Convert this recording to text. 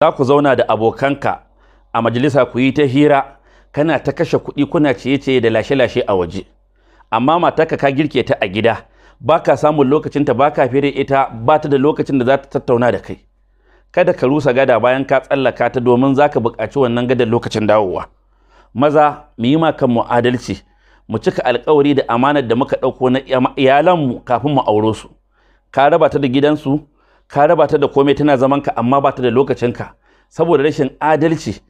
za ku zauna da abokanka a majalisa ku yi ta hira kana ta kashe kuɗi kuna ciye-ciye da lashe-lashe a waje amma matarka ka girke ta a gida ba ka samun lokacinta ba ka fere ita ba ta da lokacin da za ta tattauna da kai kada ka rusa gada bayan ka tsallaka ta domin za ka buƙaci wannan gadar lokacin dawowa maza mu yi makan mu adalci mu cika alkawari da amanar da muka ɗauko na iyalanmu kafin mu aure su ka raba ta da gidansu ka raba ta da komai tana zaman ka amma ba ta da lokacinka saboda rashin adalci